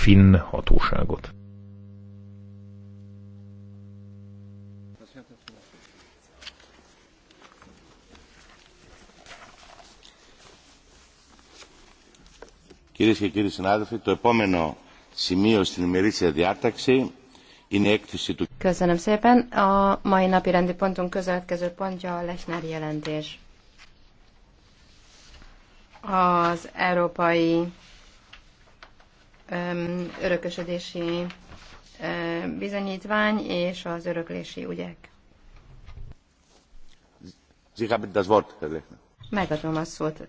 finn hatóságot. Κυρίε και κύριοι συνάδελφοι, το επόμενο σημείο στην ημερήσια διάταξη είναι η έκθεση του. Köszönöm szépen. A mai napi rendi pontunk következő pontja a Lechner jelentés. Az európai örökösödési bizonyítvány és az öröklési ügyek. Megadom a szót.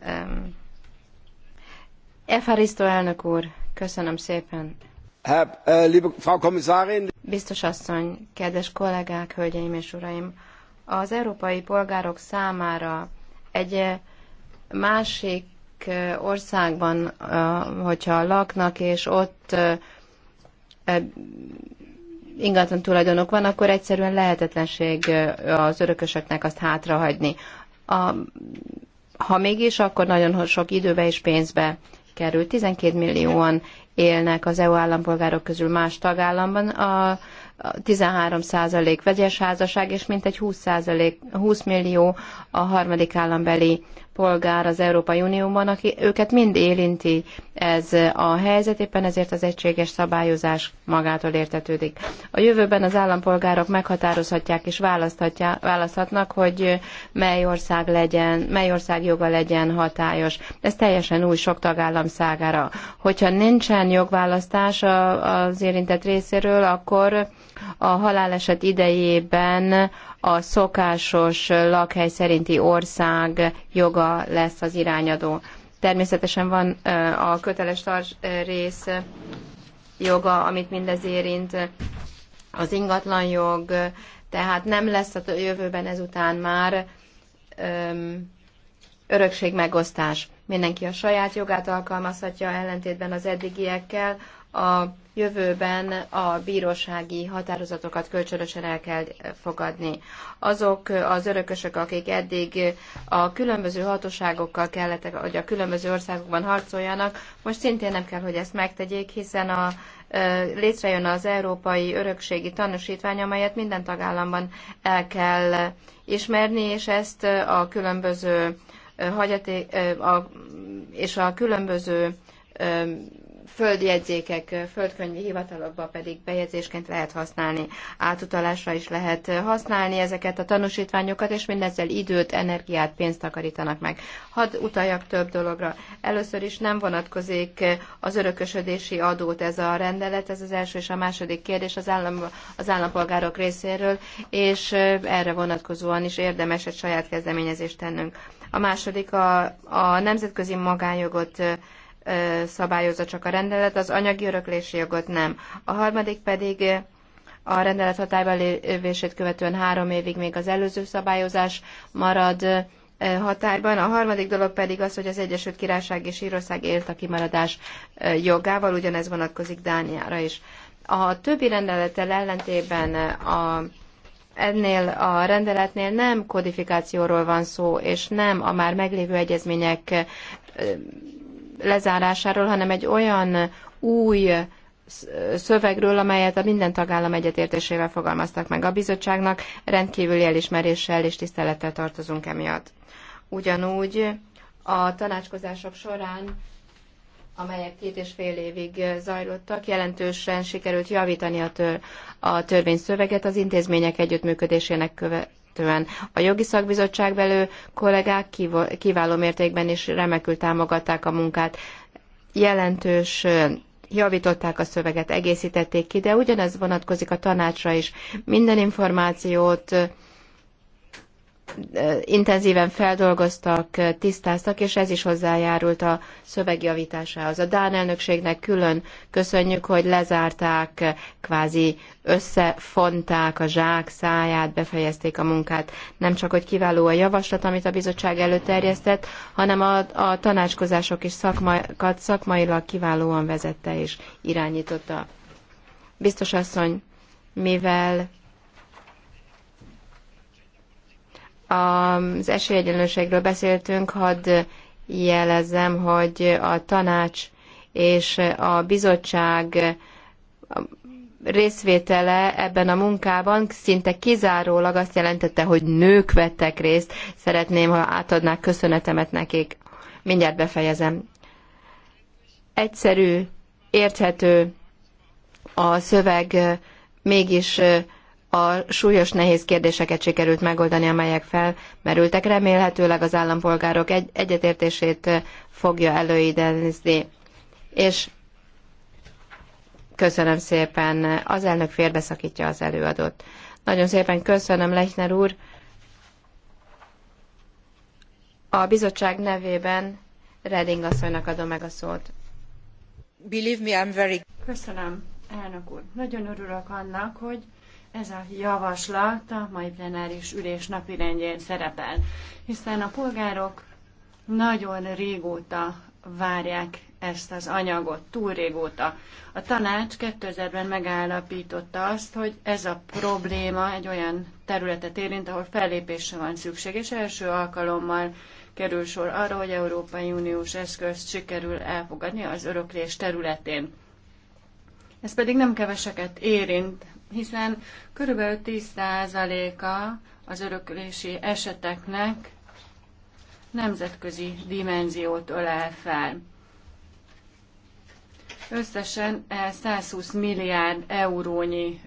Efaristo elnök úr, köszönöm szépen. Äh, liebe Frau Kommissarin. Biztos asszony, kedves kollégák, hölgyeim és uraim, az európai polgárok számára egy másik országban, hogyha laknak, és ott ingatlan tulajdonok van, akkor egyszerűen lehetetlenség az örököseknek azt hátrahagyni. A, ha mégis, akkor nagyon sok időbe és pénzbe kerül. 12 millióan élnek az EU állampolgárok közül más tagállamban. A, 13 százalék vegyes házasság, és mintegy 20, 20 millió a harmadik állambeli polgár az Európai Unióban, aki, őket mind érinti ez a helyzet, éppen ezért az egységes szabályozás magától értetődik. A jövőben az állampolgárok meghatározhatják és választhatnak, hogy mely ország legyen, mely ország joga legyen hatályos. Ez teljesen új sok tagállam szágára. Hogyha nincsen jogválasztás az érintett részéről, akkor a haláleset idejében a szokásos lakhely szerinti ország joga lesz az irányadó. Természetesen van a köteles tarts rész joga, amit mindez érint, az ingatlan jog, tehát nem lesz a jövőben ezután már öm, örökség megosztás. Mindenki a saját jogát alkalmazhatja ellentétben az eddigiekkel, a jövőben a bírósági határozatokat kölcsönösen el kell fogadni. Azok az örökösök, akik eddig a különböző hatóságokkal kellettek, hogy a különböző országokban harcoljanak, most szintén nem kell, hogy ezt megtegyék, hiszen a létrejön az Európai Örökségi Tanúsítvány, amelyet minden tagállamban el kell ismerni, és ezt a különböző hagyaték, a, és a különböző földjegyzékek, földkönyvi hivatalokba pedig bejegyzésként lehet használni, átutalásra is lehet használni ezeket a tanúsítványokat, és mindezzel időt, energiát, pénzt takarítanak meg. Hadd utaljak több dologra. Először is nem vonatkozik az örökösödési adót ez a rendelet, ez az első és a második kérdés az, állam, az állampolgárok részéről, és erre vonatkozóan is érdemes egy saját kezdeményezést tennünk. A második a, a nemzetközi magánjogot szabályozza csak a rendelet, az anyagi öröklési jogot nem. A harmadik pedig a rendelet hatályba lévését követően három évig még az előző szabályozás marad hatályban. A harmadik dolog pedig az, hogy az Egyesült Királyság és Írország élt a kimaradás jogával, ugyanez vonatkozik Dániára is. A többi rendelettel ellentében a ennél a rendeletnél nem kodifikációról van szó, és nem a már meglévő egyezmények lezárásáról, hanem egy olyan új szövegről, amelyet a minden tagállam egyetértésével fogalmaztak meg a bizottságnak, rendkívüli elismeréssel és tisztelettel tartozunk emiatt. Ugyanúgy a tanácskozások során amelyek két és fél évig zajlottak, jelentősen sikerült javítani a, tör, a törvényszöveget az intézmények együttműködésének köve, illetően. A jogi szakbizottság belő kollégák kiváló mértékben is remekül támogatták a munkát. Jelentős javították a szöveget, egészítették ki, de ugyanez vonatkozik a tanácsra is. Minden információt intenzíven feldolgoztak, tisztáztak, és ez is hozzájárult a szöveg A Dán elnökségnek külön köszönjük, hogy lezárták, kvázi összefonták a zsák száját, befejezték a munkát. Nem csak, hogy kiváló a javaslat, amit a bizottság előterjesztett, hanem a, a tanácskozások és szakmaikat szakmailag kiválóan vezette és irányította. Biztos asszony, mivel Az esélyegyenlőségről beszéltünk, hadd jelezzem, hogy a tanács és a bizottság részvétele ebben a munkában szinte kizárólag azt jelentette, hogy nők vettek részt. Szeretném, ha átadnák köszönetemet nekik. Mindjárt befejezem. Egyszerű, érthető a szöveg, mégis a súlyos nehéz kérdéseket sikerült megoldani, amelyek felmerültek. Remélhetőleg az állampolgárok egy- egyetértését fogja előidézni. És köszönöm szépen, az elnök félbeszakítja az előadót. Nagyon szépen köszönöm, Lechner úr. A bizottság nevében Reding asszonynak adom meg a szót. Believe me, I'm very... Köszönöm, elnök úr. Nagyon örülök annak, hogy ez a javaslat a mai plenáris ülés napirendjén szerepel, hiszen a polgárok nagyon régóta várják ezt az anyagot, túl régóta. A tanács 2000-ben megállapította azt, hogy ez a probléma egy olyan területet érint, ahol fellépésre van szükség, és első alkalommal kerül sor arra, hogy Európai Uniós eszközt sikerül elfogadni az öröklés területén. Ez pedig nem keveseket érint, hiszen körülbelül 10%-a az öröklési eseteknek nemzetközi dimenziót ölel fel. Összesen 120 eh, milliárd eurónyi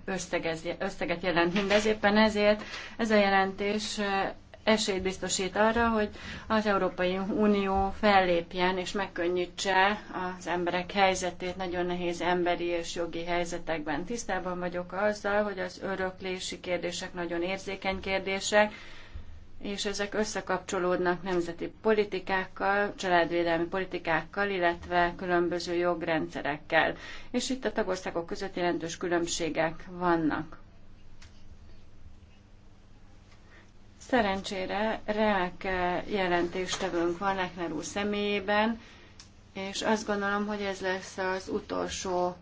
összeget jelent mindez, éppen ezért ez a jelentés eh, esélyt biztosít arra, hogy az Európai Unió fellépjen és megkönnyítse az emberek helyzetét nagyon nehéz emberi és jogi helyzetekben. Tisztában vagyok azzal, hogy az öröklési kérdések nagyon érzékeny kérdések, és ezek összekapcsolódnak nemzeti politikákkal, családvédelmi politikákkal, illetve különböző jogrendszerekkel. És itt a tagországok között jelentős különbségek vannak. Szerencsére reák eh, jelentéstevőnk van Lechner úr személyében, és azt gondolom, hogy ez lesz az utolsó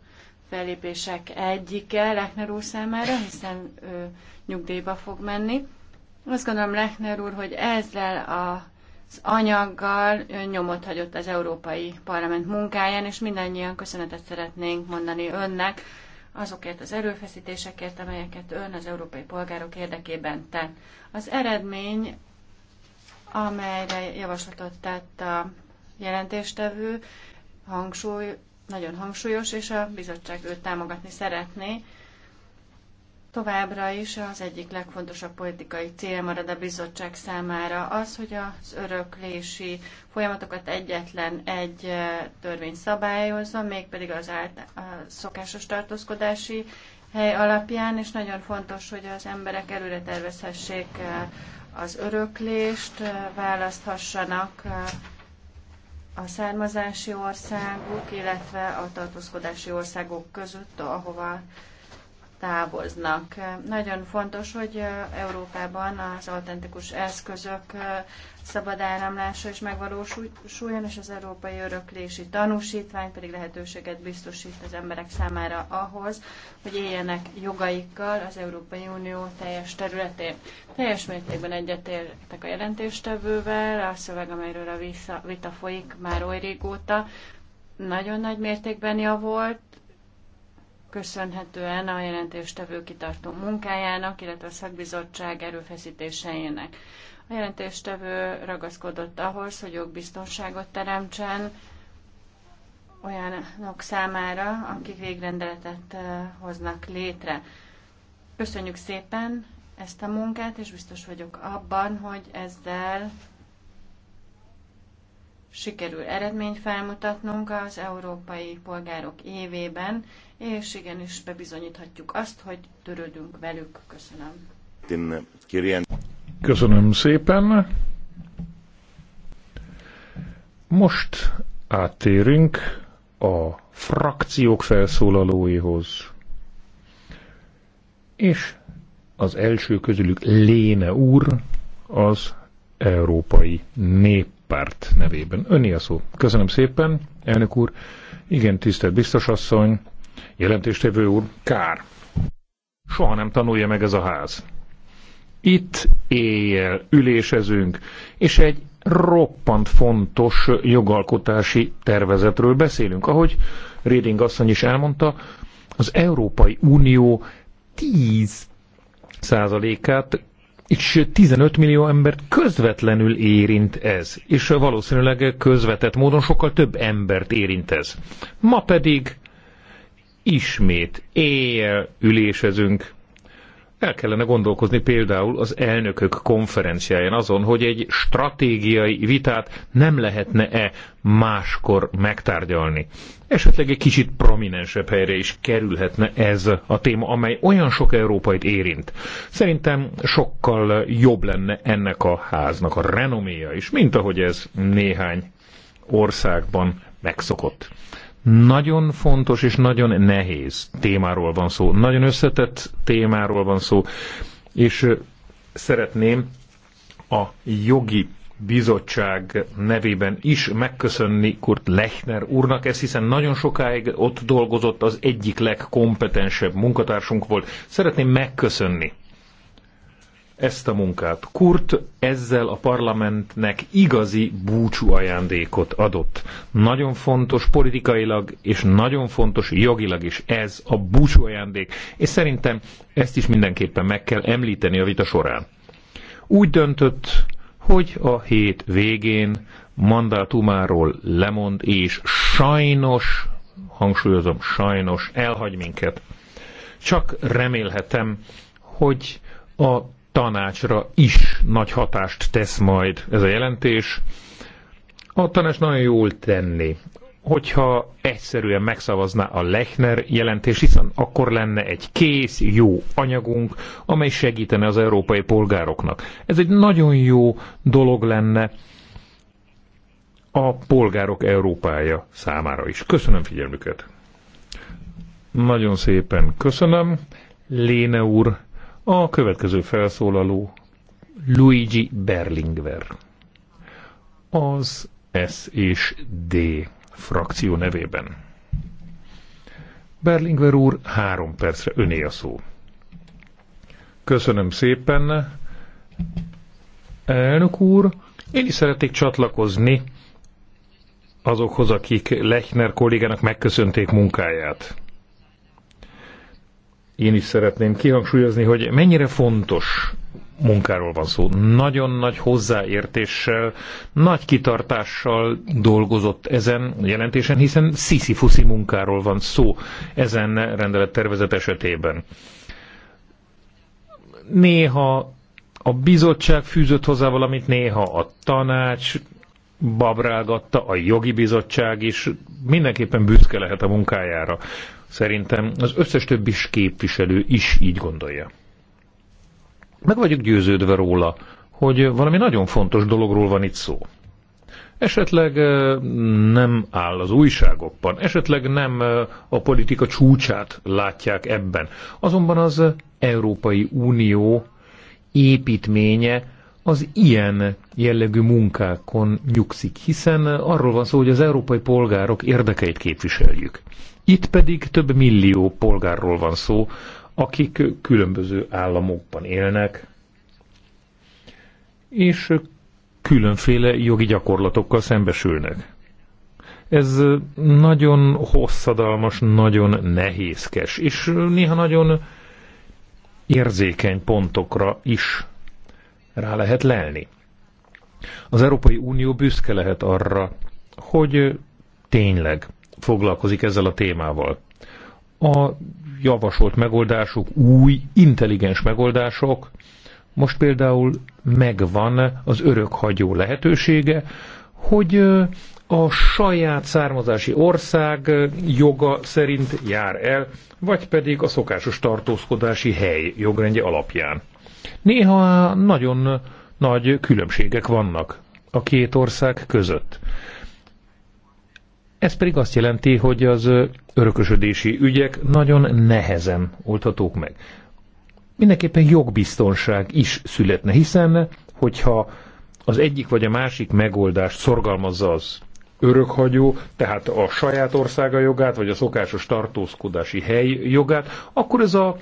felépések egyike Lechner úr számára, hiszen ő nyugdíjba fog menni. Azt gondolom, Lechner úr, hogy ezzel a az anyaggal nyomot hagyott az Európai Parlament munkáján, és mindannyian köszönetet szeretnénk mondani önnek azokért az erőfeszítésekért, amelyeket ön az európai polgárok érdekében tett. Az eredmény, amelyre javaslatot tett a jelentéstevő, hangsúly, nagyon hangsúlyos, és a bizottság őt támogatni szeretné. Továbbra is az egyik legfontosabb politikai cél marad a bizottság számára az, hogy az öröklési folyamatokat egyetlen egy eh, törvény szabályozza, mégpedig az állt, a szokásos tartózkodási hely alapján, és nagyon fontos, hogy az emberek előre tervezhessék eh, az öröklést, eh, választhassanak a származási országuk, illetve a tartózkodási országok között, ahova távoznak. Nagyon fontos, hogy Európában az autentikus eszközök szabad áramlása is megvalósuljon, és az európai öröklési tanúsítvány pedig lehetőséget biztosít az emberek számára ahhoz, hogy éljenek jogaikkal az Európai Unió teljes területén. Teljes mértékben egyetértek a jelentéstevővel, a szöveg, amelyről a vita folyik már oly régóta, nagyon nagy mértékben javult, köszönhetően a jelentéstevő kitartó munkájának, illetve a szakbizottság erőfeszítéseinek. A jelentéstevő ragaszkodott ahhoz, hogy jogbiztonságot teremtsen olyanok számára, akik végrendeletet hoznak létre. Köszönjük szépen ezt a munkát, és biztos vagyok abban, hogy ezzel sikerül eredményt felmutatnunk az európai polgárok évében, és igenis bebizonyíthatjuk azt, hogy törődünk velük. Köszönöm. Köszönöm szépen. Most áttérünk a frakciók felszólalóihoz. És az első közülük Léne úr az Európai Néppárt nevében. Öni a szó. Köszönöm szépen, elnök úr. Igen, tisztelt biztosasszony, Jelentéstevő úr, kár. Soha nem tanulja meg ez a ház. Itt éjjel ülésezünk, és egy roppant fontos jogalkotási tervezetről beszélünk. Ahogy Reding asszony is elmondta, az Európai Unió 10 százalékát, és 15 millió embert közvetlenül érint ez, és valószínűleg közvetett módon sokkal több embert érint ez. Ma pedig ismét éjjel ülésezünk. El kellene gondolkozni például az elnökök konferenciáján azon, hogy egy stratégiai vitát nem lehetne-e máskor megtárgyalni. Esetleg egy kicsit prominensebb helyre is kerülhetne ez a téma, amely olyan sok európait érint. Szerintem sokkal jobb lenne ennek a háznak a renoméja is, mint ahogy ez néhány országban megszokott. Nagyon fontos és nagyon nehéz témáról van szó, nagyon összetett témáról van szó, és szeretném a jogi bizottság nevében is megköszönni Kurt Lechner úrnak ezt, hiszen nagyon sokáig ott dolgozott, az egyik legkompetensebb munkatársunk volt. Szeretném megköszönni ezt a munkát. Kurt ezzel a parlamentnek igazi búcsú ajándékot adott. Nagyon fontos politikailag, és nagyon fontos jogilag is ez a búcsú ajándék, és szerintem ezt is mindenképpen meg kell említeni a vita során. Úgy döntött, hogy a hét végén mandátumáról lemond, és sajnos, hangsúlyozom, sajnos elhagy minket. Csak remélhetem, hogy a tanácsra is nagy hatást tesz majd ez a jelentés. A tanács nagyon jól tenni, hogyha egyszerűen megszavazná a Lechner jelentés, hiszen akkor lenne egy kész, jó anyagunk, amely segítene az európai polgároknak. Ez egy nagyon jó dolog lenne a polgárok Európája számára is. Köszönöm figyelmüket! Nagyon szépen köszönöm. Léne úr, a következő felszólaló Luigi Berlingver. Az S és D frakció nevében. Berlingver úr, három percre öné a szó. Köszönöm szépen. Elnök úr, én is szeretnék csatlakozni azokhoz, akik Lechner kollégának megköszönték munkáját én is szeretném kihangsúlyozni, hogy mennyire fontos munkáról van szó. Nagyon nagy hozzáértéssel, nagy kitartással dolgozott ezen jelentésen, hiszen sziszi-fuszi munkáról van szó ezen rendelettervezet esetében. Néha a bizottság fűzött hozzá valamit, néha a tanács babrálgatta, a jogi bizottság is mindenképpen büszke lehet a munkájára. Szerintem az összes többi képviselő is így gondolja. Meg vagyok győződve róla, hogy valami nagyon fontos dologról van itt szó. Esetleg nem áll az újságokban, esetleg nem a politika csúcsát látják ebben. Azonban az Európai Unió építménye az ilyen jellegű munkákon nyugszik, hiszen arról van szó, hogy az európai polgárok érdekeit képviseljük. Itt pedig több millió polgárról van szó, akik különböző államokban élnek, és különféle jogi gyakorlatokkal szembesülnek. Ez nagyon hosszadalmas, nagyon nehézkes, és néha nagyon érzékeny pontokra is rá lehet lelni. Az Európai Unió büszke lehet arra, hogy tényleg foglalkozik ezzel a témával. A javasolt megoldások új, intelligens megoldások, most például megvan az örökhagyó lehetősége, hogy a saját származási ország joga szerint jár el, vagy pedig a szokásos tartózkodási hely jogrendje alapján. Néha nagyon nagy különbségek vannak a két ország között. Ez pedig azt jelenti, hogy az örökösödési ügyek nagyon nehezen oldhatók meg. Mindenképpen jogbiztonság is születne, hiszen hogyha az egyik vagy a másik megoldást szorgalmazza az örökhagyó, tehát a saját országa jogát, vagy a szokásos tartózkodási hely jogát, akkor ez a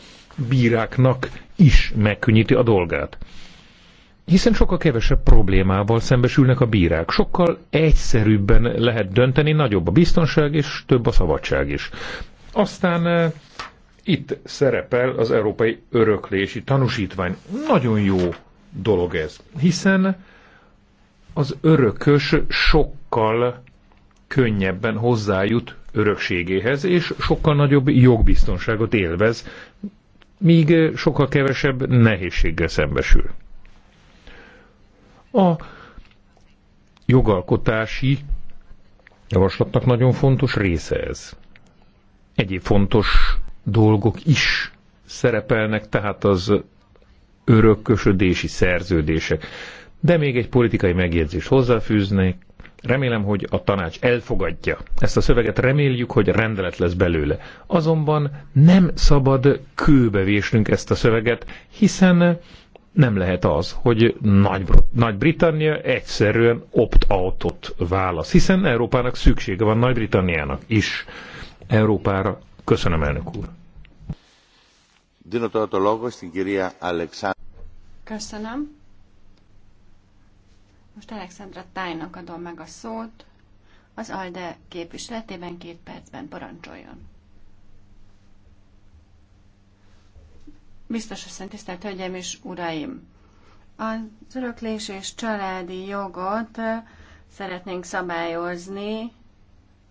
bíráknak is megkönnyíti a dolgát hiszen sokkal kevesebb problémával szembesülnek a bírák. Sokkal egyszerűbben lehet dönteni, nagyobb a biztonság és több a szabadság is. Aztán eh, itt szerepel az Európai Öröklési Tanúsítvány. Nagyon jó dolog ez, hiszen az örökös sokkal könnyebben hozzájut örökségéhez, és sokkal nagyobb jogbiztonságot élvez, míg sokkal kevesebb nehézséggel szembesül. A jogalkotási javaslatnak nagyon fontos része ez. Egyéb fontos dolgok is szerepelnek, tehát az örökkösödési szerződések. De még egy politikai megjegyzést hozzáfűznék. Remélem, hogy a tanács elfogadja ezt a szöveget, reméljük, hogy rendelet lesz belőle. Azonban nem szabad kőbevésnünk ezt a szöveget, hiszen nem lehet az, hogy Nagy-Britannia egyszerűen opt-outot válasz, hiszen Európának szüksége van Nagy-Britanniának is. Európára. Köszönöm, elnök úr. Köszönöm. Most Alexandra Tájnak adom meg a szót. Az ALDE képviseletében két percben parancsoljon. Biztos asszony, tisztelt Hölgyeim és Uraim! Az öröklés és családi jogot eh, szeretnénk szabályozni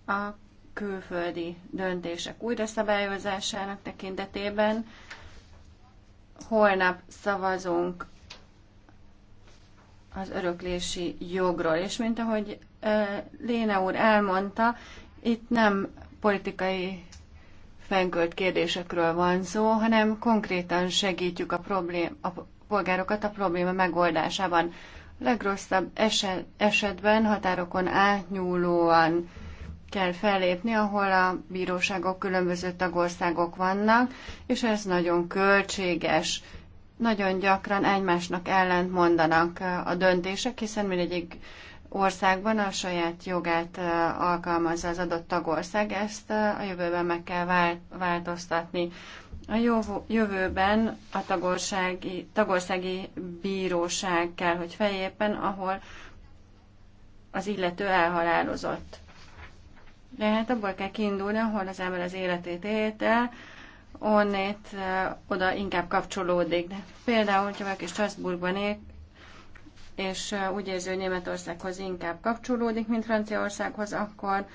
a külföldi döntések újra szabályozásának tekintetében. Holnap szavazunk az öröklési jogról, és mint ahogy eh, Léna úr elmondta, itt nem politikai fenkölt kérdésekről van szó, hanem konkrétan segítjük a, problém, a polgárokat a probléma megoldásában. A legrosszabb eset, esetben határokon átnyúlóan kell fellépni, ahol a bíróságok különböző tagországok vannak, és ez nagyon költséges. Nagyon gyakran egymásnak ellent mondanak a döntések, hiszen mindegyik országban a saját jogát alkalmazza az adott tagország, ezt a jövőben meg kell változtatni. A jövőben a tagországi, tagországi bíróság kell, hogy fejépen, ahol az illető elhalálozott. De hát abból kell kiindulni, ahol az ember az életét élt el, onnét oda inkább kapcsolódik. De például, hogyha valaki Strasbourgban él, és úgy érzi, hogy Németországhoz inkább kapcsolódik, mint Franciaországhoz, akkor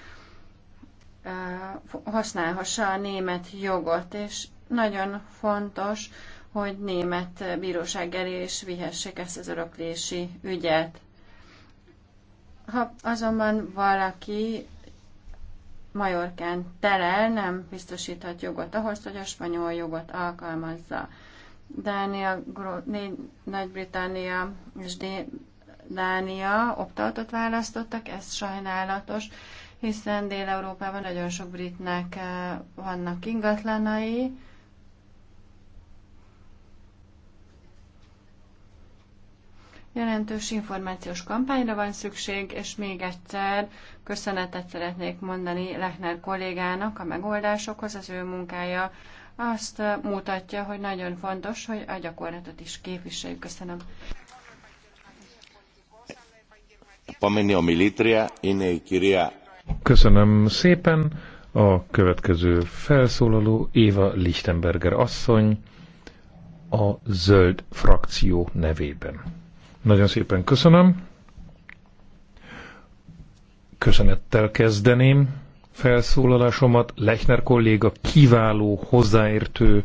használhassa a német jogot, és nagyon fontos, hogy német bíróság elé is vihessék ezt az öröklési ügyet. Ha azonban valaki Majorkán terel, nem biztosíthat jogot ahhoz, hogy a spanyol jogot alkalmazza. Dánia, Nagy-Britannia és Dánia optautot választottak, ez sajnálatos, hiszen Dél-Európában nagyon sok britnek eh, vannak ingatlanai, Jelentős információs kampányra van szükség, és még egyszer köszönetet szeretnék mondani Lechner kollégának a megoldásokhoz, az ő munkája azt eh, mutatja, hogy nagyon fontos, hogy a gyakorlatot is képviseljük. Köszönöm. Köszönöm szépen. A következő felszólaló Éva Lichtenberger asszony a Zöld frakció nevében. Nagyon szépen köszönöm. Köszönettel kezdeném felszólalásomat. Lechner kolléga kiváló, hozzáértő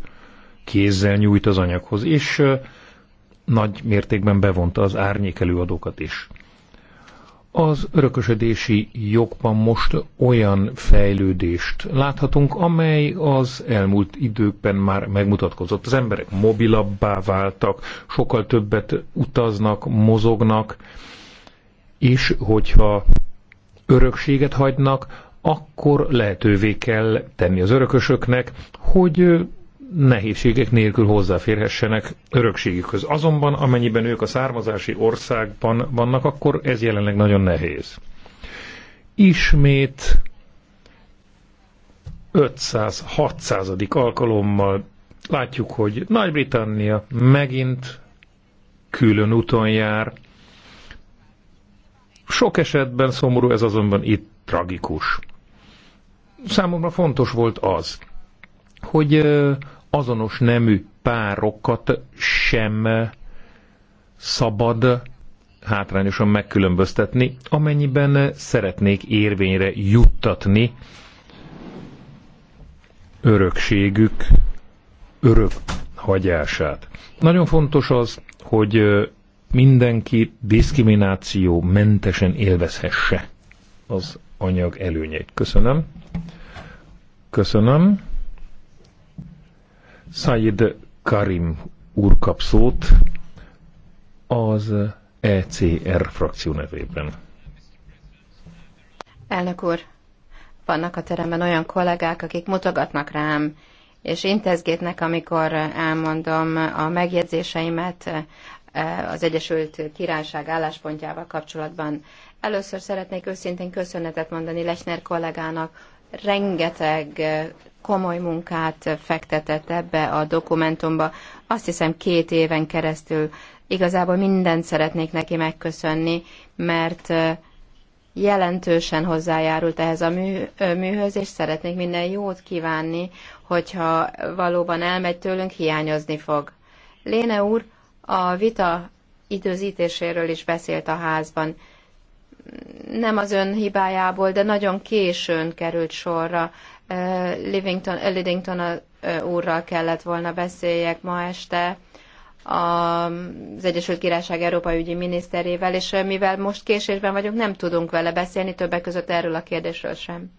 kézzel nyújt az anyaghoz, és nagy mértékben bevonta az árnyék is. Az örökösödési jogban most olyan fejlődést láthatunk, amely az elmúlt időkben már megmutatkozott. Az emberek mobilabbá váltak, sokkal többet utaznak, mozognak, és hogyha örökséget hagynak, akkor lehetővé kell tenni az örökösöknek, hogy nehézségek nélkül hozzáférhessenek örökségükhöz. Azonban, amennyiben ők a származási országban vannak, akkor ez jelenleg nagyon nehéz. Ismét 500-600. alkalommal látjuk, hogy Nagy-Britannia megint külön úton jár. Sok esetben szomorú, ez azonban itt tragikus számomra fontos volt az, hogy azonos nemű párokat sem szabad hátrányosan megkülönböztetni, amennyiben szeretnék érvényre juttatni örökségük örök hagyását. Nagyon fontos az, hogy mindenki diszkrimináció mentesen élvezhesse az anyag előnyeit. Köszönöm. Köszönöm. Said Karim úr kap szót az ECR frakció nevében. Elnök úr, vannak a teremben olyan kollégák, akik mutogatnak rám, és intézgétnek, amikor elmondom a megjegyzéseimet e, az Egyesült Királyság álláspontjával kapcsolatban. Először szeretnék őszintén köszönetet mondani Lechner kollégának, rengeteg eh, komoly munkát fektetett ebbe a dokumentumba. Azt hiszem két éven keresztül igazából mindent szeretnék neki megköszönni, mert eh, jelentősen hozzájárult ehhez a mű, műhöz, és szeretnék minden jót kívánni, hogyha valóban elmegy tőlünk, hiányozni fog. Léne úr a vita időzítéséről is beszélt a házban nem az ön hibájából, de nagyon későn került sorra. Livington, Lidington úrral kellett volna beszéljek ma este az Egyesült Királyság Európai ügyi miniszterével, és mivel most késésben vagyunk, nem tudunk vele beszélni, többek között erről a kérdésről sem.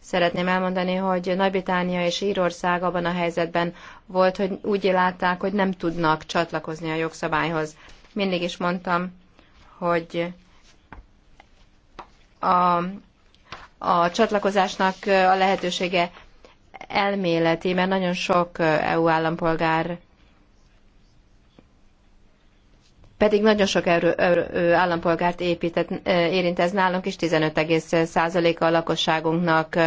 Szeretném elmondani, hogy Nagy-Británia és Írország abban a helyzetben volt, hogy úgy látták, hogy nem tudnak csatlakozni a jogszabályhoz. Mindig is mondtam, hogy a, a csatlakozásnak a lehetősége elméleti, mert nagyon sok EU állampolgár pedig nagyon sok erő, erő, állampolgárt épített, érint ez nálunk, is, 15,1%-a a lakosságunknak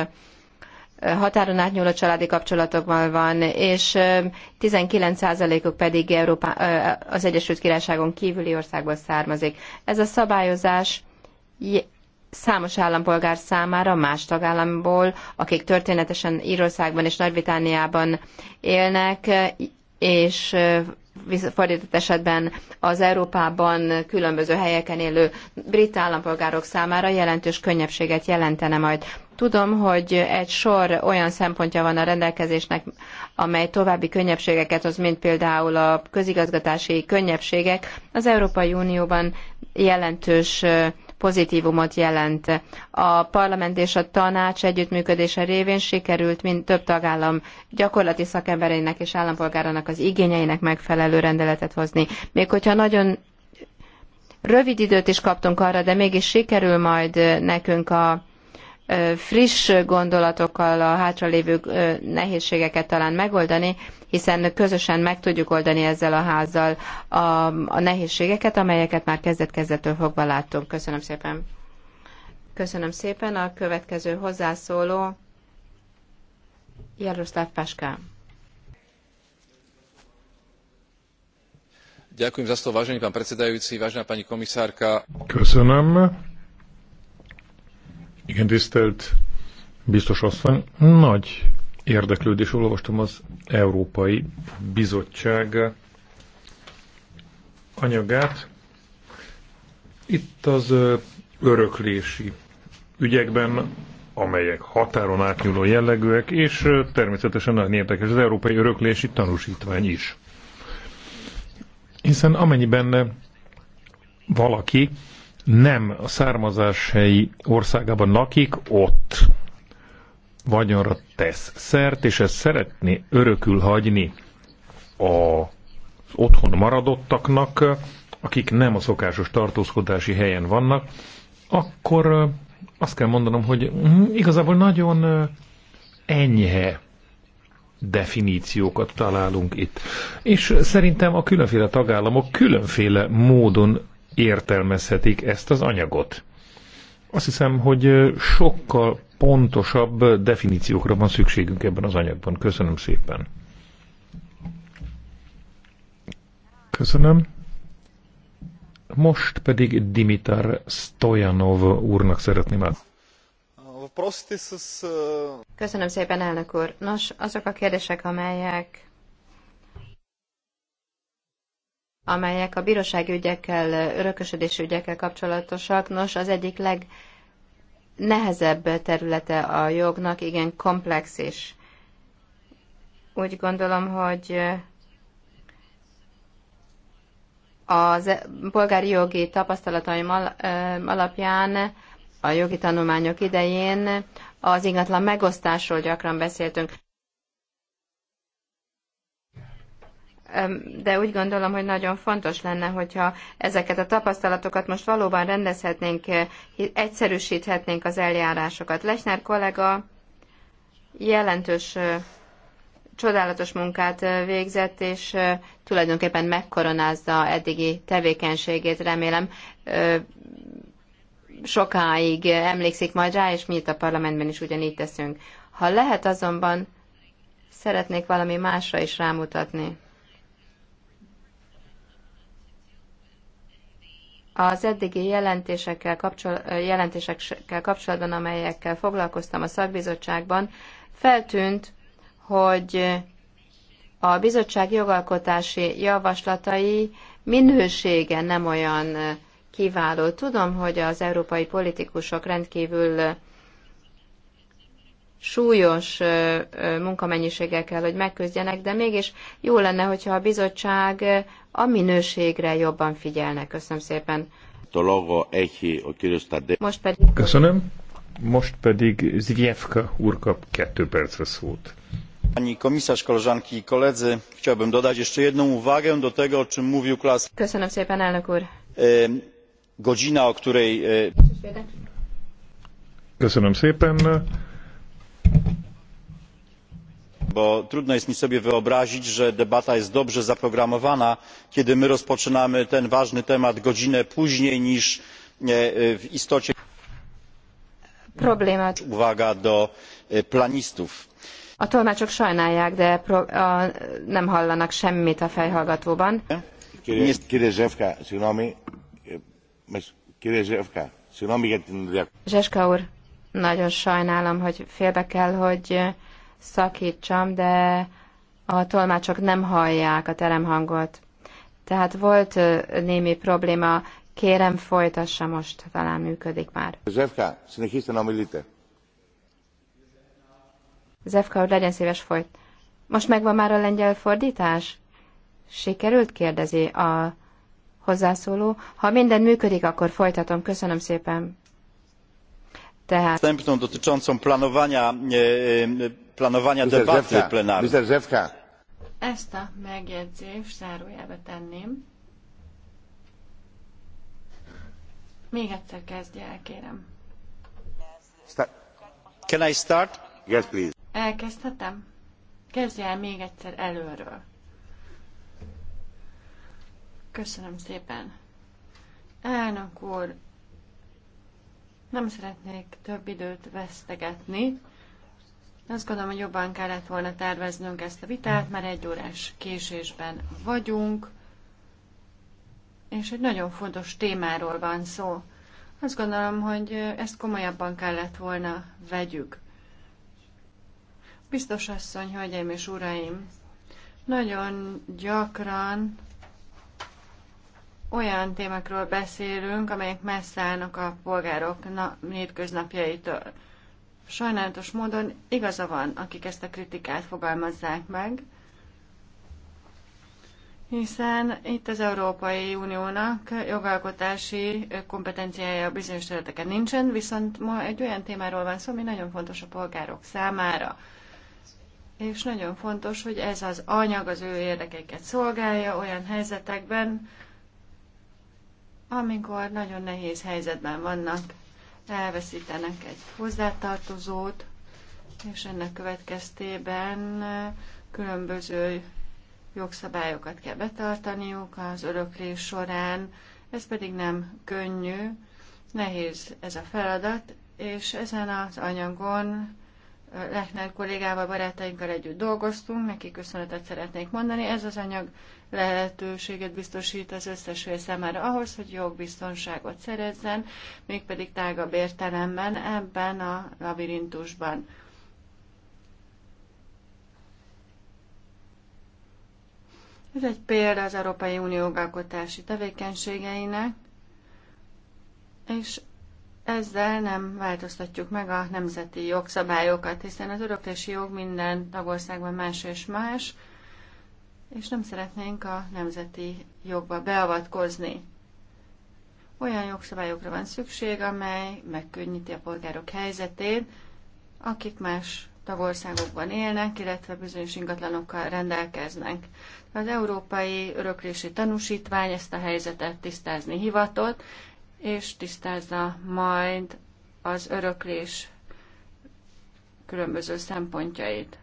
határon átnyúló családi kapcsolatokban van, és 19%-uk pedig Európa, az Egyesült Királyságon kívüli országból származik. Ez a szabályozás számos állampolgár számára más tagállamból, akik történetesen Írországban és Nagy-Britániában élnek, és fordított esetben az Európában különböző helyeken élő brit állampolgárok számára jelentős könnyebbséget jelentene majd. Tudom, hogy egy sor olyan szempontja van a rendelkezésnek, amely további könnyebbségeket hoz, mint például a közigazgatási könnyebbségek. Az Európai Unióban jelentős pozitívumot jelent. A parlament és a tanács együttműködése révén sikerült mind több tagállam gyakorlati szakembereinek és állampolgárának az igényeinek megfelelő rendeletet hozni. Még hogyha nagyon rövid időt is kaptunk arra, de mégis sikerül majd nekünk a friss gondolatokkal a hátralévő nehézségeket talán megoldani, hiszen közösen meg tudjuk oldani ezzel a házzal a, a nehézségeket, amelyeket már kezdet-kezdettől fogva láttunk. Köszönöm szépen. Köszönöm szépen. A következő hozzászóló Jaroszláv Paská. Ďakujem za slovo, vážený pán predsedajúci, vážená pani komisárka. Köszönöm. Igen, tisztelt biztos asszony, nagy érdeklődés olvastam az Európai Bizottság anyagát. Itt az öröklési ügyekben, amelyek határon átnyúló jellegűek, és természetesen nagyon érdekes az Európai Öröklési Tanúsítvány is. Hiszen amennyiben valaki nem a származáshelyi országában lakik, ott vagyonra tesz szert, és ezt szeretné örökül hagyni a otthon maradottaknak, akik nem a szokásos tartózkodási helyen vannak, akkor azt kell mondanom, hogy hm, igazából nagyon enyhe definíciókat találunk itt. És szerintem a különféle tagállamok különféle módon értelmezhetik ezt az anyagot. Azt hiszem, hogy sokkal pontosabb definíciókra van szükségünk ebben az anyagban. Köszönöm szépen. Köszönöm. Most pedig Dimitar Stojanov úrnak szeretném át. Köszönöm szépen, elnök úr. Nos, azok a kérdések, amelyek amelyek a bírósági ügyekkel, örökösödési ügyekkel kapcsolatosak. Nos, az egyik legnehezebb területe a jognak, igen komplex is. Úgy gondolom, hogy a polgári jogi tapasztalataim alapján a jogi tanulmányok idején az ingatlan megosztásról gyakran beszéltünk. de úgy gondolom, hogy nagyon fontos lenne, hogyha ezeket a tapasztalatokat most valóban rendezhetnénk, eh, egyszerűsíthetnénk az eljárásokat. Lechner kollega jelentős eh, csodálatos munkát eh, végzett, és tulajdonképpen megkoronázza eddigi tevékenységét, remélem sokáig emlékszik majd rá, és mi itt a parlamentben is ugyanígy teszünk. Ha lehet azonban, szeretnék valami másra is rámutatni. Az eddigi jelentésekkel, kapcsol, jelentésekkel kapcsolatban, amelyekkel foglalkoztam a szakbizottságban, feltűnt, hogy a bizottság jogalkotási javaslatai minősége nem olyan kiváló. Tudom, hogy az európai politikusok rendkívül súlyos kell, hogy megküzdjenek, de mégis jó lenne, hogyha a bizottság a minőségre jobban figyelne. Köszönöm szépen. Most pedig... Köszönöm. Most pedig Zvievka úr kap kettő percre szót. Pani komisarz, koleżanki i koledzy, chciałbym dodać jeszcze jedną uwagę do tego, o czym mówił klas. Köszönöm szépen, elnök úr. E, godzina, o której... E, Köszönöm szépen bo trudno jest mi sobie wyobrazić że debata jest dobrze zaprogramowana kiedy my rozpoczynamy ten ważny temat godzinę później niż e, e, w istocie problémát. Uwaga do e, planistów. A tolmácsok sajnálják, de pro, nem hallanak semmit a fejhallgatóban. Kérje Zsefka, szinomi, kérje Zsefka, szinomi, úr, nagyon sajnálom, hogy félbe kell, hogy szakítsam, de a tolmácsok nem hallják a teremhangot. Tehát volt némi probléma, kérem folytassa most, talán működik már. Zsefka, a amilite. Zefka hogy legyen szíves folyt. Most megvan már a lengyel fordítás? Sikerült, kérdezi a hozzászóló. Ha minden működik, akkor folytatom. Köszönöm szépen. Tehát... Następną dotyczącą planowania e, e, planowania debaty plenarnej. Ezt a megjegyzést zárójelbe tenném. Még egyszer kezdje el, kérem. Can I start? Yes, please. Elkezdhetem? Kezdje el még egyszer előről. Köszönöm szépen. Elnök úr, nem szeretnék több időt vesztegetni. Azt gondolom, hogy jobban kellett volna terveznünk ezt a vitát, mert egy órás késésben vagyunk, és egy nagyon fontos témáról van szó. Azt gondolom, hogy ezt komolyabban kellett volna vegyük. Biztos asszony, hölgyeim és uraim, nagyon gyakran olyan témákról beszélünk, amelyek messze állnak a polgárok hétköznapjaitől. Sajnálatos módon igaza van, akik ezt a kritikát fogalmazzák meg, hiszen itt az Európai Uniónak jogalkotási kompetenciája bizonyos területeken nincsen, viszont ma egy olyan témáról van szó, ami nagyon fontos a polgárok számára. És nagyon fontos, hogy ez az anyag az ő érdekeiket szolgálja olyan helyzetekben, amikor nagyon nehéz helyzetben vannak elveszítenek egy hozzátartozót, és ennek következtében különböző jogszabályokat kell betartaniuk az öröklés során, ez pedig nem könnyű, nehéz ez a feladat, és ezen az anyagon Lechner kollégával, barátainkkal együtt dolgoztunk, neki köszönetet szeretnék mondani. Ez az anyag lehetőséget biztosít az összes fél számára ahhoz, hogy jogbiztonságot szerezzen, mégpedig tágabb értelemben ebben a labirintusban. Ez egy példa az Európai Unió jogalkotási tevékenységeinek, és ezzel nem változtatjuk meg a nemzeti jogszabályokat, hiszen az öröklési jog minden tagországban más és más, és nem szeretnénk a nemzeti jogba beavatkozni. Olyan jogszabályokra van szükség, amely megkönnyíti a polgárok helyzetét, akik más tagországokban élnek, illetve bizonyos ingatlanokkal rendelkeznek. Az Európai Öröklési Tanúsítvány ezt a helyzetet tisztázni hivatott, és tisztázza majd az öröklés különböző szempontjait.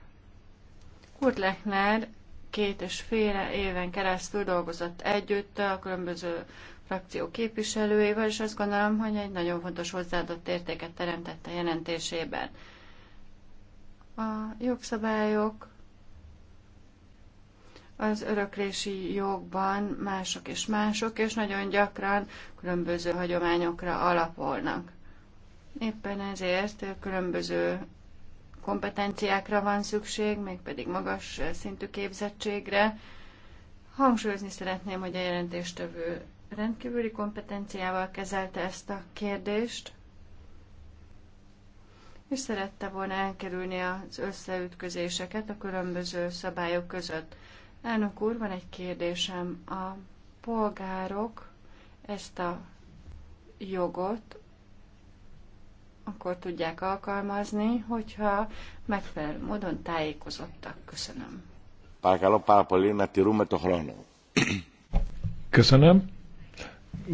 Kurt Lechner két és fél éven keresztül dolgozott együtt a különböző frakció képviselőivel, és azt gondolom, hogy egy nagyon fontos hozzáadott értéket teremtett a jelentésében. A jogszabályok az öröklési jogban mások és mások, és nagyon gyakran különböző hagyományokra alapolnak. Éppen ezért különböző kompetenciákra van szükség, mégpedig magas szintű képzettségre. Hangsúlyozni szeretném, hogy a jelentéstevő rendkívüli kompetenciával kezelte ezt a kérdést, és szerette volna elkerülni az összeütközéseket a különböző szabályok között. Elnök úr, van egy kérdésem. A polgárok ezt a jogot akkor tudják alkalmazni, hogyha megfelelő módon tájékozottak. Köszönöm. Παρακαλώ πάρα πολύ να τηρούμε το χρόνο. Köszönöm.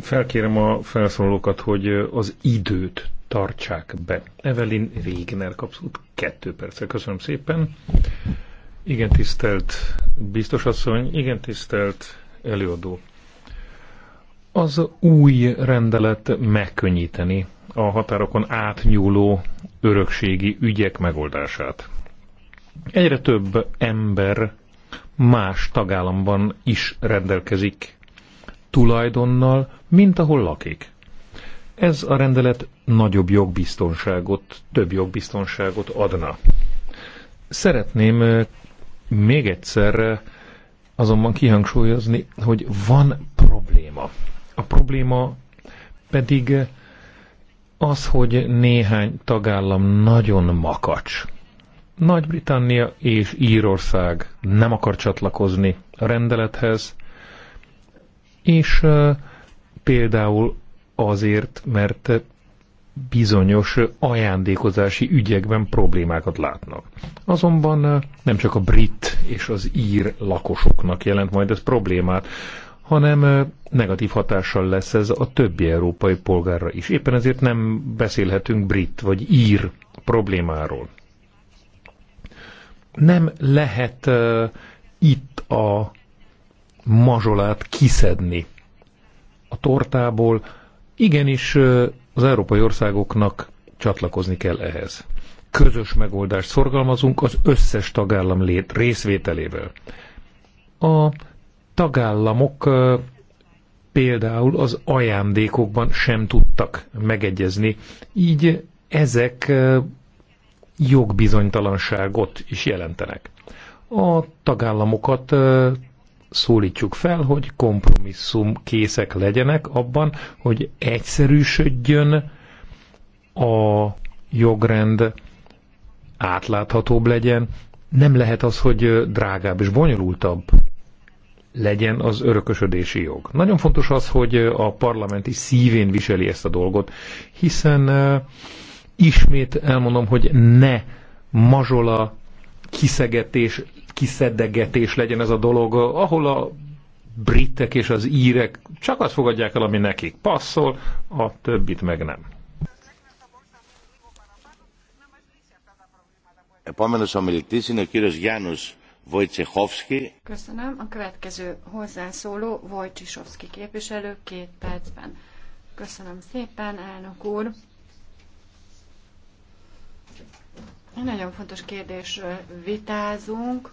Felkérem a felszólalókat, hogy az időt tartsák be. Evelyn Régner kapszult kettő perce. Köszönöm szépen. Igen, tisztelt biztosasszony, igen, tisztelt előadó. Az új rendelet megkönnyíteni a határokon átnyúló örökségi ügyek megoldását. Egyre több ember más tagállamban is rendelkezik tulajdonnal, mint ahol lakik. Ez a rendelet nagyobb jogbiztonságot, több jogbiztonságot adna. Szeretném eh, még egyszer eh, azonban kihangsúlyozni, hogy van probléma. A probléma pedig eh, az, hogy néhány tagállam nagyon makacs. Nagy-Britannia és Írország nem akar csatlakozni a rendelethez, és uh, például azért, mert bizonyos ajándékozási ügyekben problémákat látnak. Azonban nem csak a brit és az ír lakosoknak jelent majd ez problémát, hanem negatív hatással lesz ez a többi európai polgárra is. Éppen ezért nem beszélhetünk brit vagy ír problémáról. Nem lehet uh, itt a mazsolát kiszedni a tortából. Igenis uh, az európai országoknak csatlakozni kell ehhez. Közös megoldást szorgalmazunk az összes tagállam lét részvételével. A tagállamok például az ajándékokban sem tudtak megegyezni, így ezek jogbizonytalanságot is jelentenek. A tagállamokat szólítjuk fel, hogy kompromisszum készek legyenek abban, hogy egyszerűsödjön a jogrend, átláthatóbb legyen. Nem lehet az, hogy drágább és bonyolultabb legyen az örökösödési jog. Nagyon fontos az, hogy a parlament is szívén viseli ezt a dolgot, hiszen uh, ismét elmondom, hogy ne mazsola kiszegetés, kiszedegetés legyen ez a dolog, ahol a britek és az írek csak azt fogadják el, ami nekik passzol, a többit meg nem. Επόμενος ομιλητής είναι ο κύριος Γιάννους Wojciechowski. Köszönöm. A következő hozzászóló Wojciechowski képviselő két percben. Köszönöm szépen, elnök úr. Egy nagyon fontos kérdésről vitázunk,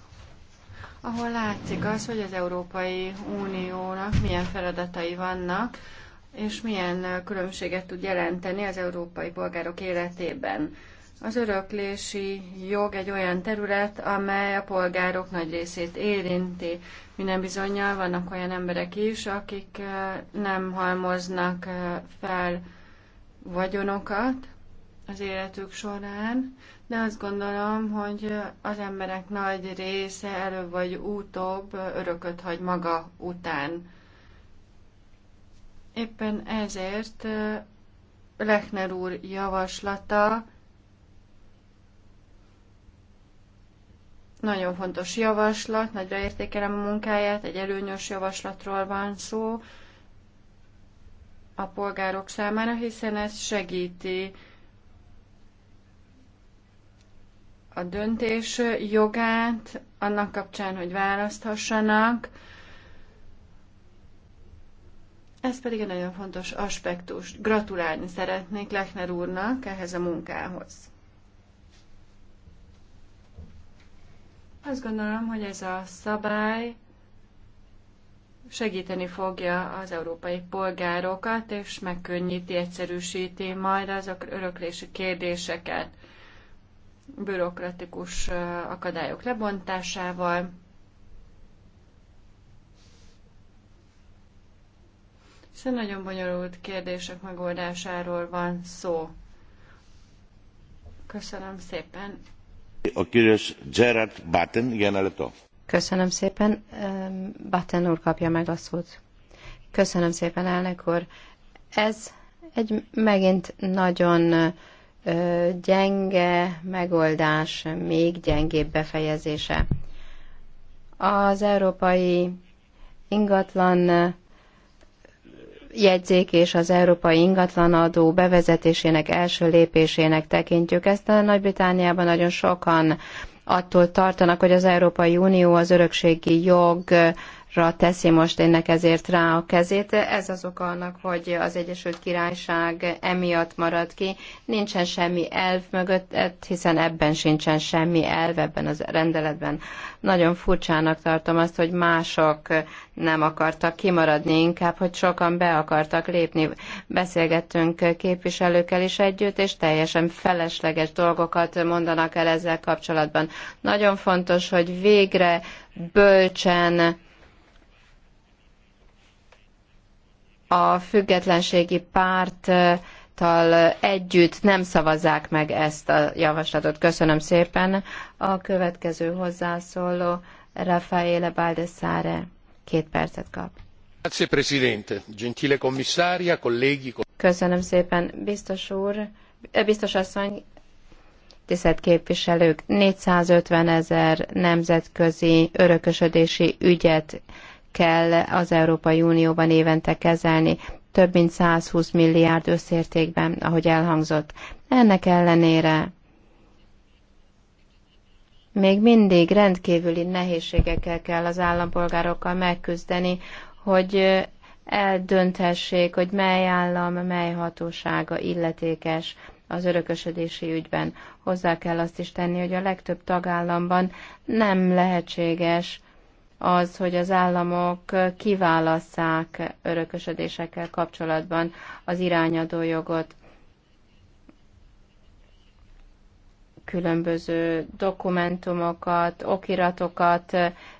ahol látszik az, hogy az Európai Uniónak milyen feladatai vannak, és milyen különbséget tud jelenteni az európai polgárok életében. Az öröklési jog egy olyan terület, amely a polgárok nagy részét érinti. Minden bizonyal vannak olyan emberek is, akik nem halmoznak fel vagyonokat az életük során, de azt gondolom, hogy az emberek nagy része előbb vagy utóbb örököt hagy maga után. Éppen ezért Lechner úr javaslata, Nagyon fontos javaslat, nagyra értékelem a munkáját, egy előnyös javaslatról van szó a polgárok számára, hiszen ez segíti a döntés jogát annak kapcsán, hogy választhassanak. Ez pedig egy nagyon fontos aspektus. Gratulálni szeretnék Lechner úrnak ehhez a munkához. Azt gondolom, hogy ez a szabály segíteni fogja az európai polgárokat, és megkönnyíti, egyszerűsíti majd az öröklési kérdéseket bürokratikus akadályok lebontásával. Hiszen nagyon bonyolult kérdések megoldásáról van szó. Köszönöm szépen. A kérdés Gerard Batten, igen, Köszönöm szépen. Batten úr kapja meg a szót. Köszönöm szépen, elnök úr. Ez egy megint nagyon gyenge megoldás, még gyengébb befejezése. Az európai ingatlan jegyzék és az európai ingatlanadó bevezetésének első lépésének tekintjük. Ezt a Nagy-Britániában nagyon sokan attól tartanak, hogy az Európai Unió az örökségi jog ra teszi most ennek ezért rá a kezét. Ez az oka annak, hogy az Egyesült Királyság emiatt marad ki. Nincsen semmi elv mögött, hiszen ebben sincsen semmi elv, ebben az rendeletben. Nagyon furcsának tartom azt, hogy mások nem akartak kimaradni, inkább, hogy sokan be akartak lépni. Beszélgettünk képviselőkkel is együtt, és teljesen felesleges dolgokat mondanak el ezzel kapcsolatban. Nagyon fontos, hogy végre bölcsen a függetlenségi párttal együtt nem szavazzák meg ezt a javaslatot. Köszönöm szépen. A következő hozzászóló Raffaele Baldessare két percet kap. Köszönöm szépen, biztos úr, eh, biztos asszony, tisztelt képviselők, 450 ezer nemzetközi örökösödési ügyet kell az Európai Unióban évente kezelni, több mint 120 milliárd összértékben, ahogy elhangzott. Ennek ellenére még mindig rendkívüli nehézségekkel kell az állampolgárokkal megküzdeni, hogy eldönthessék, hogy mely állam, mely hatósága illetékes az örökösödési ügyben. Hozzá kell azt is tenni, hogy a legtöbb tagállamban nem lehetséges az, hogy az államok kiválasszák örökösödésekkel kapcsolatban az irányadó jogot. Különböző dokumentumokat, okiratokat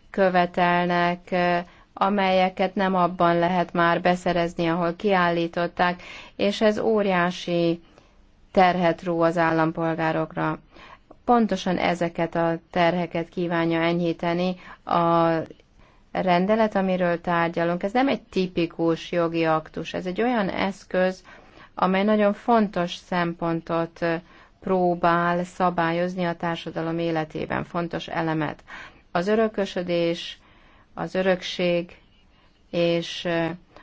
követelnek, amelyeket nem abban lehet már beszerezni, ahol kiállították, és ez óriási terhet ró az állampolgárokra pontosan ezeket a terheket kívánja enyhíteni a rendelet, amiről tárgyalunk. Ez nem egy tipikus jogi aktus, ez egy olyan eszköz, amely nagyon fontos szempontot próbál szabályozni a társadalom életében, fontos elemet. Az örökösödés, az örökség és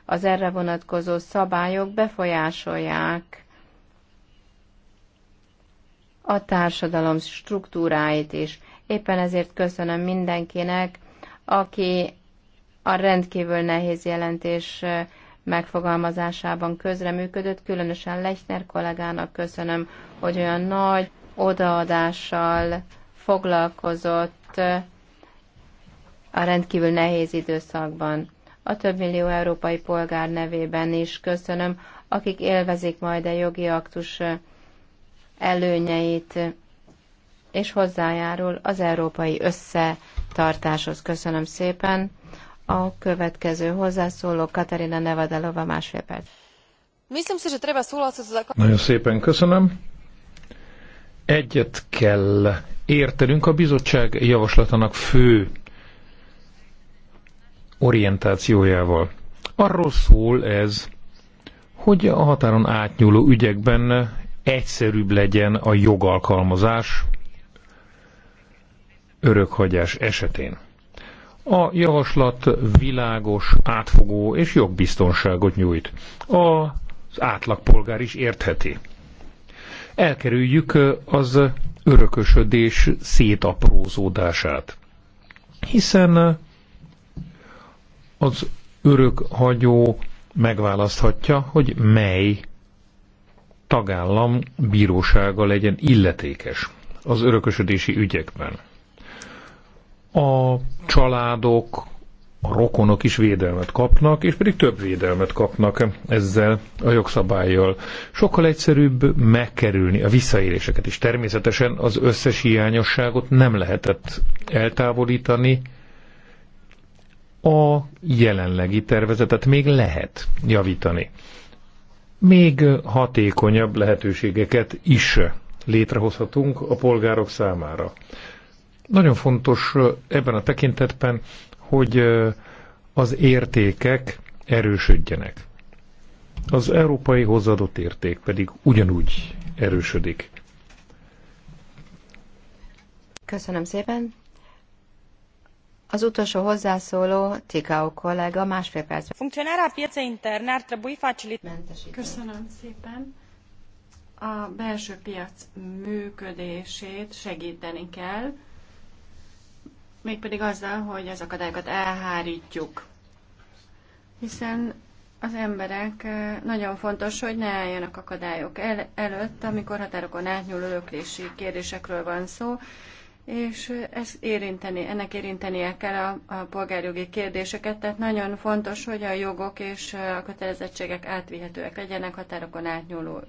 az erre vonatkozó szabályok befolyásolják a társadalom struktúráit is. Éppen ezért köszönöm mindenkinek, aki a rendkívül nehéz jelentés megfogalmazásában közreműködött, különösen Lechner kollégának köszönöm, hogy olyan nagy odaadással foglalkozott a rendkívül nehéz időszakban. A több millió európai polgár nevében is köszönöm, akik élvezik majd a jogi aktus előnyeit, és hozzájárul az európai összetartáshoz. Köszönöm szépen. A következő hozzászóló Katarina Nevadalova másfél perc. Nagyon szépen köszönöm. Egyet kell értenünk a bizottság javaslatának fő orientációjával. Arról szól ez, hogy a határon átnyúló ügyekben egyszerűbb legyen a jogalkalmazás örökhagyás esetén. A javaslat világos, átfogó és jogbiztonságot nyújt. Az átlagpolgár is értheti. Elkerüljük az örökösödés szétaprózódását. Hiszen az örök hagyó megválaszthatja, hogy mely tagállam bírósága legyen illetékes az örökösödési ügyekben. A családok, a rokonok is védelmet kapnak, és pedig több védelmet kapnak ezzel a jogszabályjal. Sokkal egyszerűbb megkerülni a visszaéléseket is. Természetesen az összes hiányosságot nem lehetett eltávolítani, a jelenlegi tervezetet még lehet javítani még hatékonyabb lehetőségeket is létrehozhatunk a polgárok számára. Nagyon fontos ebben a tekintetben, hogy az értékek erősödjenek. Az európai hozzáadott érték pedig ugyanúgy erősödik. Köszönöm szépen. Az utolsó hozzászóló Tikao kollega másfél percben. Funcționarea pieței interne trebui facilit. Köszönöm szépen. A belső piac működését segíteni kell, mégpedig azzal, hogy az akadályokat elhárítjuk. Hiszen az emberek eh, nagyon fontos, hogy ne álljanak akadályok el, előtt, amikor határokon átnyúló löklési kérdésekről van szó, és ez érinteni, ennek érintenie kell a, a polgárjogi kérdéseket, tehát nagyon fontos, hogy a jogok és a kötelezettségek átvihetőek legyenek határokon átnyúló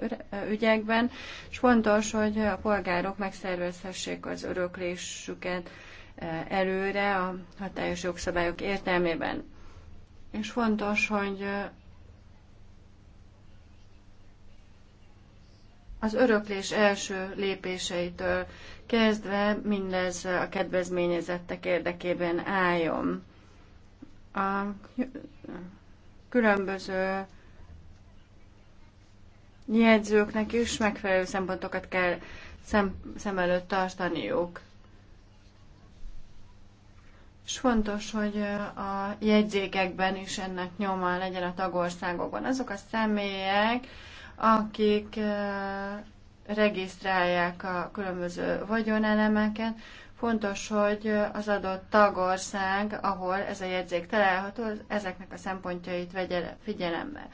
ügyekben, és fontos, hogy a polgárok megszervezhessék az öröklésüket e, előre a hatályos jogszabályok értelmében. És fontos, hogy Az öröklés első lépéseitől kezdve mindez a kedvezményezettek érdekében álljon. A különböző jegyzőknek is megfelelő szempontokat kell szem, szem előtt tartaniuk. És fontos, hogy a jegyzékekben is ennek nyoma legyen a tagországokban. Azok a személyek, akik eh, regisztrálják a különböző vagyonelemeket. Fontos, hogy az adott tagország, ahol ez a jegyzék található, ezeknek a szempontjait vegye figyelembe.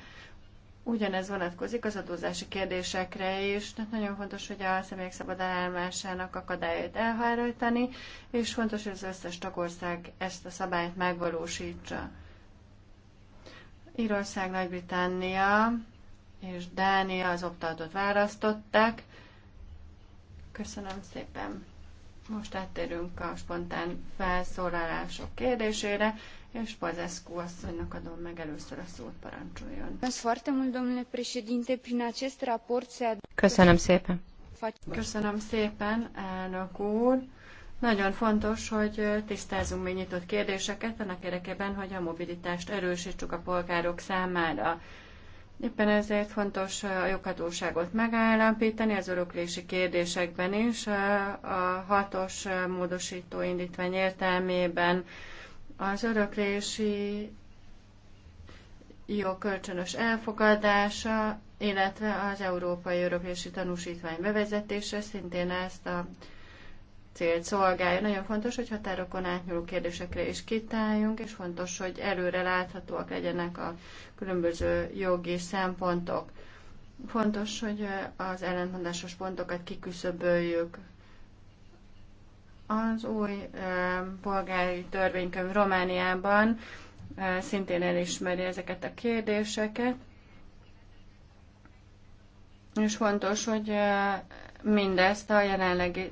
Ugyanez vonatkozik az adózási kérdésekre is, tehát nagyon fontos, hogy a személyek szabad elállásának akadályait elhárítani, és fontos, hogy az összes tagország ezt a szabályt megvalósítsa. Írország, Nagy-Britannia és Dánia az optátot választották. Köszönöm szépen. Most áttérünk a spontán felszólalások kérdésére, és Pazescu asszonynak adom meg először a szót, parancsoljon. Köszönöm szépen. Köszönöm szépen, elnök úr. Nagyon fontos, hogy tisztázunk még nyitott kérdéseket, annak érdekében, hogy a mobilitást erősítsük a polgárok számára. Éppen ezért fontos a joghatóságot megállapítani az öröklési kérdésekben is. A hatos módosító indítvány értelmében az öröklési jó kölcsönös elfogadása, illetve az európai öröklési tanúsítvány bevezetése szintén ezt a célt szolgálja. Nagyon fontos, hogy határokon átnyúló kérdésekre is kitáljunk, és fontos, hogy előre láthatóak legyenek a különböző jogi szempontok. Fontos, hogy az ellentmondásos pontokat kiküszöböljük. Az új polgári törvénykönyv Romániában szintén elismeri ezeket a kérdéseket, és fontos, hogy mindezt a jelenlegi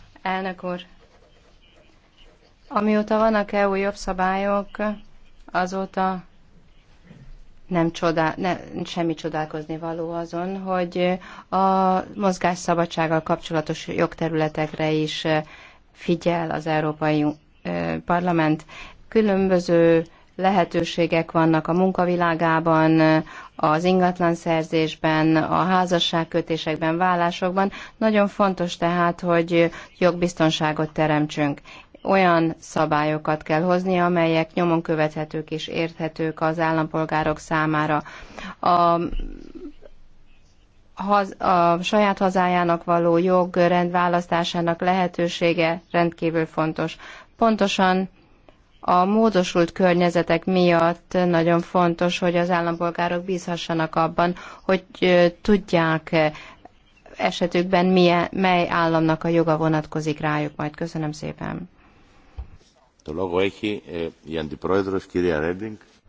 Elnök úr, amióta vannak EU jobb szabályok, azóta nem csodá, ne, semmi csodálkozni való azon, hogy a mozgásszabadsággal kapcsolatos jogterületekre is figyel az Európai Parlament. Különböző lehetőségek vannak a munkavilágában, az ingatlanszerzésben, a házasságkötésekben, vállásokban. Nagyon fontos tehát, hogy jogbiztonságot teremtsünk olyan szabályokat kell hozni, amelyek nyomon követhetők és érthetők az állampolgárok számára. A, a saját hazájának való jogrend választásának lehetősége rendkívül fontos. Pontosan a módosult környezetek miatt nagyon fontos, hogy az állampolgárok bízhassanak abban, hogy tudják esetükben milyen, mely államnak a joga vonatkozik rájuk majd. Köszönöm szépen.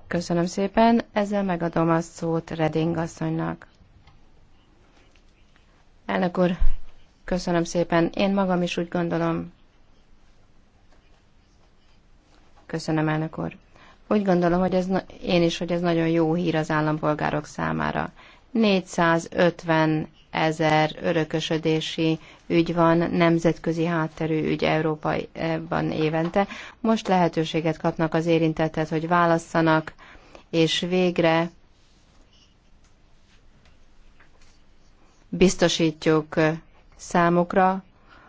Köszönöm szépen, ezzel megadom a szót Reding asszonynak. Elnök úr, köszönöm szépen. Én magam is úgy gondolom, Köszönöm, elnök úr. Úgy gondolom, hogy ez, én is, hogy ez nagyon jó hír az állampolgárok számára. 450 ezer örökösödési ügy van, nemzetközi hátterű ügy Európában évente. Most lehetőséget kapnak az érintettet, hogy válasszanak, és végre biztosítjuk számukra,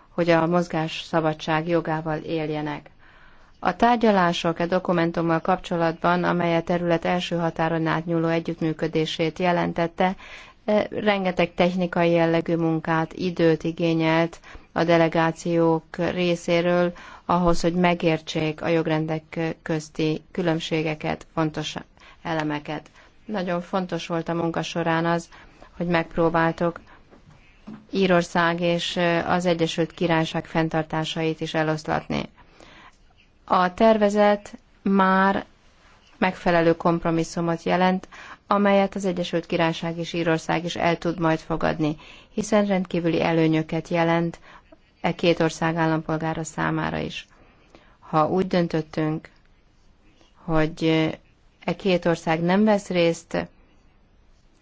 hogy a mozgás szabadság jogával éljenek. A tárgyalások e dokumentummal kapcsolatban, amely a terület első határon átnyúló együttműködését jelentette, e, rengeteg technikai jellegű munkát, időt igényelt a delegációk részéről ahhoz, hogy megértsék a jogrendek közti különbségeket, fontos elemeket. Nagyon fontos volt a munka során az, hogy megpróbáltok Írország és az Egyesült Királyság fenntartásait is eloszlatni. A tervezet már megfelelő kompromisszumot jelent, amelyet az Egyesült Királyság és Írország is el tud majd fogadni, hiszen rendkívüli előnyöket jelent e két ország állampolgára számára is. Ha úgy döntöttünk, hogy e két ország nem vesz részt,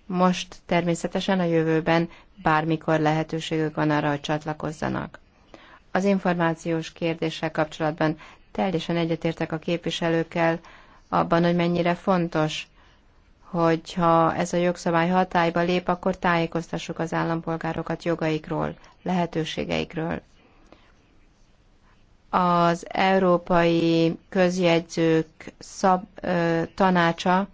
most természetesen a jövőben bármikor lehetőségük van arra, hogy csatlakozzanak. Az információs kérdéssel kapcsolatban Teljesen egyetértek a képviselőkkel abban, hogy mennyire fontos, hogyha ez a jogszabály hatályba lép, akkor tájékoztassuk az állampolgárokat jogaikról, lehetőségeikről. Az Európai Közjegyzők szab, ö, Tanácsa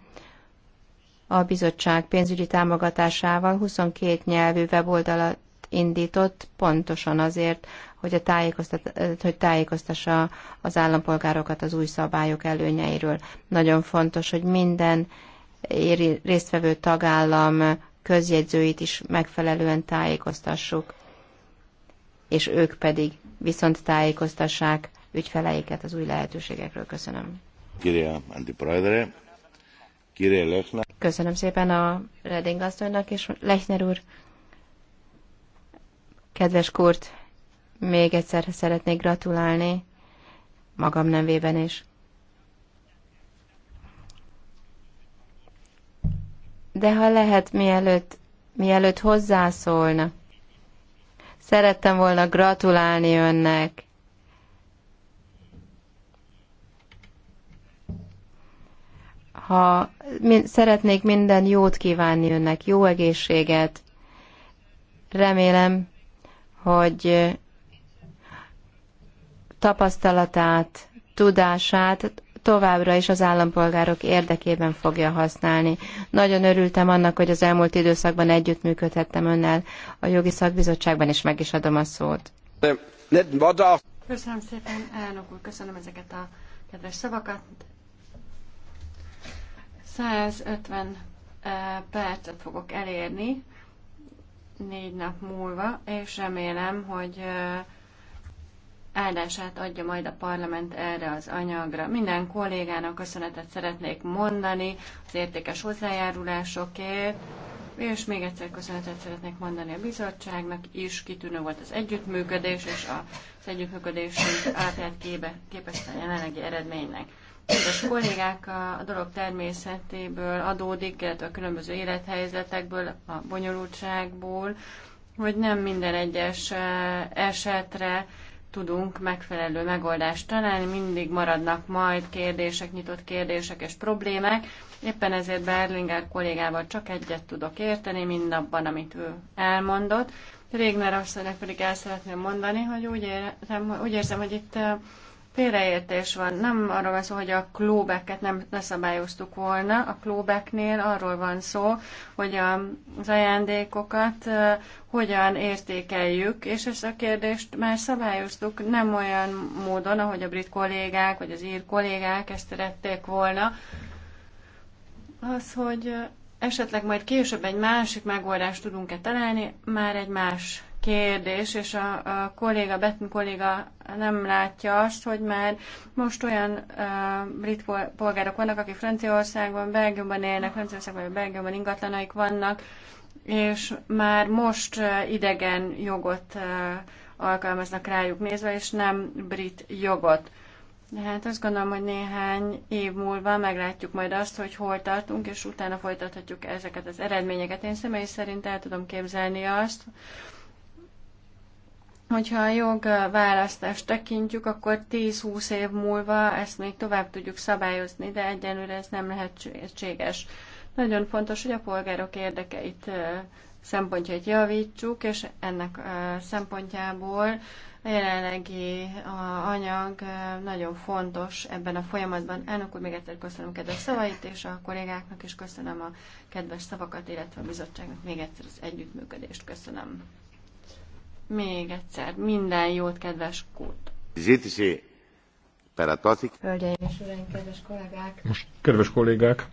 a bizottság pénzügyi támogatásával 22 nyelvű weboldalat indított pontosan azért, hogy, a tájékoztat, hogy tájékoztassa az állampolgárokat az új szabályok előnyeiről. Nagyon fontos, hogy minden résztvevő tagállam közjegyzőit is megfelelően tájékoztassuk, és ők pedig viszont tájékoztassák ügyfeleiket az új lehetőségekről. Köszönöm. Kiria Kiria Lechner. Köszönöm szépen a Reding asszonynak, és Lechner úr, kedves Kurt, még egyszer szeretnék gratulálni, magam nem is. De ha lehet, mielőtt, mielőtt hozzászólna, szerettem volna gratulálni önnek. Ha min- szeretnék minden jót kívánni önnek, jó egészséget, remélem, hogy tapasztalatát, tudását továbbra is az állampolgárok érdekében fogja használni. Nagyon örültem annak, hogy az elmúlt időszakban együttműködhettem önnel a jogi szakbizottságban, és meg is adom a szót. Köszönöm szépen, elnök úr, köszönöm ezeket a kedves szavakat. 150 eh, percet fogok elérni négy nap múlva, és remélem, hogy eh, áldását adja majd a parlament erre az anyagra. Minden kollégának köszönetet szeretnék mondani az értékes hozzájárulásokért, és még egyszer köszönetet szeretnék mondani a bizottságnak is, kitűnő volt az együttműködés, és az együttműködésünk átját képe, képezte a jelenlegi eredménynek. Kedves kollégák, a dolog természetéből adódik, illetve a különböző élethelyzetekből, a bonyolultságból, hogy nem minden egyes eh, esetre tudunk megfelelő megoldást találni, mindig maradnak majd kérdések, nyitott kérdések és problémák. Éppen ezért Berlinger kollégával csak egyet tudok érteni, mindabban, amit ő elmondott. Régner asszonynak pedig el szeretném mondani, hogy úgy, érzem, úgy érzem, hogy itt félreértés van. Nem arról van szó, hogy a klóbeket nem ne szabályoztuk volna. A klóbeknél arról van szó, hogy a, az ajándékokat hogyan értékeljük, és ezt a kérdést már szabályoztuk nem olyan módon, ahogy a brit kollégák vagy az ír kollégák ezt szerették volna. Az, hogy esetleg majd később egy másik megoldást tudunk-e találni, már egy más kérdés, és a, a kolléga, Betten kolléga nem látja azt, hogy már most olyan a, brit polgárok vannak, akik Franciaországban, Belgiumban élnek, Franciaországban vagy Belgiumban ingatlanaik vannak, és már most idegen jogot alkalmaznak rájuk nézve, és nem brit jogot. De hát azt gondolom, hogy néhány év múlva meglátjuk majd azt, hogy hol tartunk, és utána folytathatjuk ezeket az eredményeket. Én személy szerint el tudom képzelni azt, Hogyha a jogválasztást tekintjük, akkor 10-20 év múlva ezt még tovább tudjuk szabályozni, de egyenlőre ez nem lehetséges. Nagyon fontos, hogy a polgárok érdekeit, szempontjait javítsuk, és ennek szempontjából a jelenlegi anyag nagyon fontos ebben a folyamatban. Elnök úr, még egyszer köszönöm kedves szavait, és a kollégáknak is köszönöm a kedves szavakat, illetve a bizottságnak még egyszer az együttműködést köszönöm. Még egyszer, minden jót, kedves Kurt! Zitisi, peratotik. Hölgyeim és uraim, kedves kollégák! Most, kedves kollégák,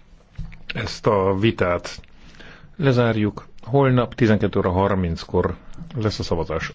ezt a vitát lezárjuk. Holnap 12 óra 30-kor lesz a szavazás.